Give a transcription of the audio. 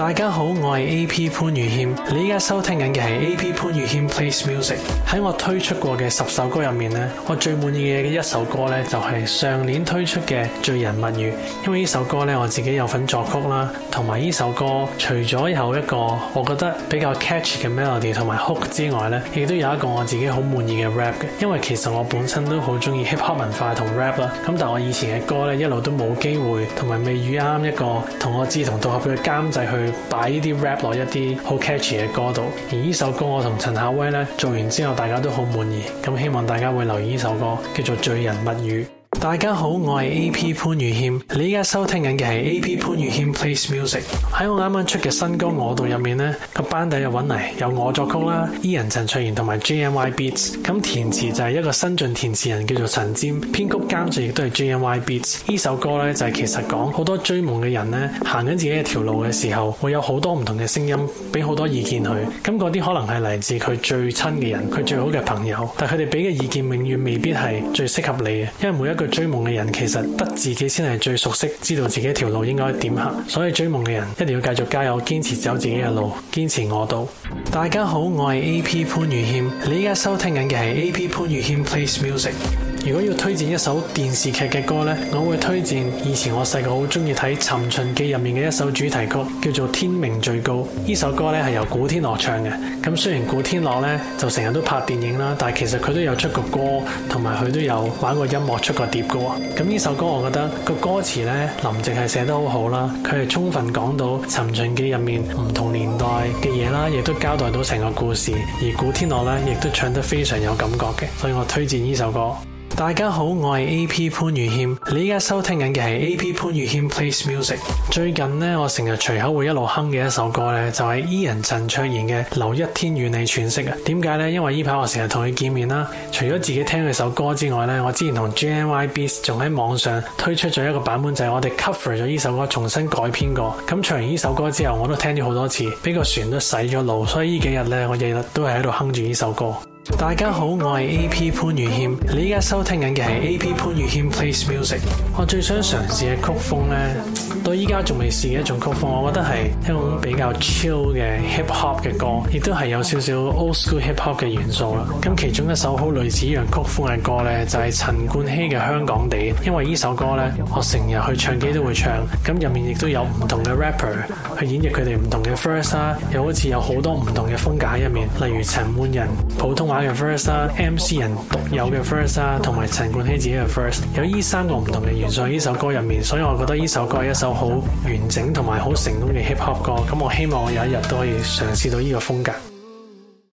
大家好，我係 A P 潘宇謙，你依家收聽緊嘅係 A P 潘宇謙 plays music。喺我推出過嘅十首歌入面呢，我最滿意嘅一首歌呢，就係上年推出嘅《醉人蜜語》，因為呢首歌呢，我自己有份作曲啦，同埋呢首歌除咗有一個我覺得比較 catch 嘅 melody 同埋 hook 之外呢，亦都有一個我自己好滿意嘅 rap 嘅。因為其實我本身都好中意 hip hop 文化同 rap 啦，咁但係我以前嘅歌呢，一路都冇機會，同埋未遇啱一個同我志同道合嘅監製去。擺呢啲 rap 落一啲好 catchy 嘅歌度，而呢首歌我同陳夏威呢做完之後，大家都好滿意，咁希望大家會留意呢首歌，叫做《醉人物語》。大家好，我係 A P 潘宇謙，你依家收聽緊嘅係 A P 潘宇謙 Plays Music。喺我啱啱出嘅新歌《我度》入面呢個班底又揾嚟，有我作曲啦，伊人陳卓賢同埋 J N Y Beats，咁填詞就係一個新晉填詞人叫做陳尖，編曲監製亦都係 J N Y Beats。呢首歌呢，就係其實講好多追夢嘅人呢，行緊自己嘅條路嘅時候，會有好多唔同嘅聲音，俾好多意見佢。咁嗰啲可能係嚟自佢最親嘅人，佢最好嘅朋友，但佢哋俾嘅意見永遠未必係最適合你嘅，因為每一句。追夢嘅人其實得自己先係最熟悉，知道自己一條路應該點行，所以追夢嘅人一定要繼續加油，堅持走自己嘅路，堅持我到。大家好，我係 AP 潘宇謙，你依家收聽緊嘅係 AP 潘宇謙 Plays Music。如果要推薦一首電視劇嘅歌呢，我會推薦以前我細個好中意睇《尋秦記》入面嘅一首主題曲，叫做《天命最高》。呢首歌呢，係由古天樂唱嘅。咁雖然古天樂呢就成日都拍電影啦，但係其實佢都有出過歌，同埋佢都有玩過音樂出過碟嘅。咁呢首歌我覺得個歌詞呢，林夕係寫得好好啦，佢係充分講到《尋秦記》入面唔同年代嘅嘢啦，亦都交代到成個故事。而古天樂呢，亦都唱得非常有感覺嘅，所以我推薦呢首歌。大家好，我係 A P 潘宇謙，你依家收聽緊嘅係 A P 潘宇謙 Plays Music。最近咧，我成日隨口會一路哼嘅一首歌咧，就係伊人陳卓賢嘅《留一天與你喘息》。啊。點解咧？因為依排我成日同佢見面啦。除咗自己聽佢首歌之外咧，我之前同 J N Y Beats 仲喺網上推出咗一個版本，就係、是、我哋 cover 咗呢首歌，重新改編過。咁唱完呢首歌之後，我都聽咗好多次，俾個船都洗咗路。所以呢幾日咧，我日日都係喺度哼住呢首歌。大家好，我係 AP 潘宇謙，你依家收聽緊嘅係 AP 潘宇謙 Plays Music。我最想嘗試嘅曲風呢，到依家仲未試嘅一種曲風，我覺得係一種比較 chill 嘅 hip hop 嘅歌，亦都係有少少 old school hip hop 嘅元素啦。咁其中一首好類似呢樣曲風嘅歌呢，就係陳冠希嘅《香港地》，因為呢首歌呢，我成日去唱機都會唱。咁入面亦都有唔同嘅 rapper 去演繹佢哋唔同嘅 verse 啦，又好似有好多唔同嘅風格喺入面，例如陳奐仁、普通嘅 first MC 人獨有嘅 first 同埋陳冠希自己嘅 first，有呢三個唔同嘅元素喺呢首歌入面，所以我覺得呢首歌係一首好完整同埋好成功嘅 hip hop 歌。咁我希望我有一日都可以嘗試到呢個風格。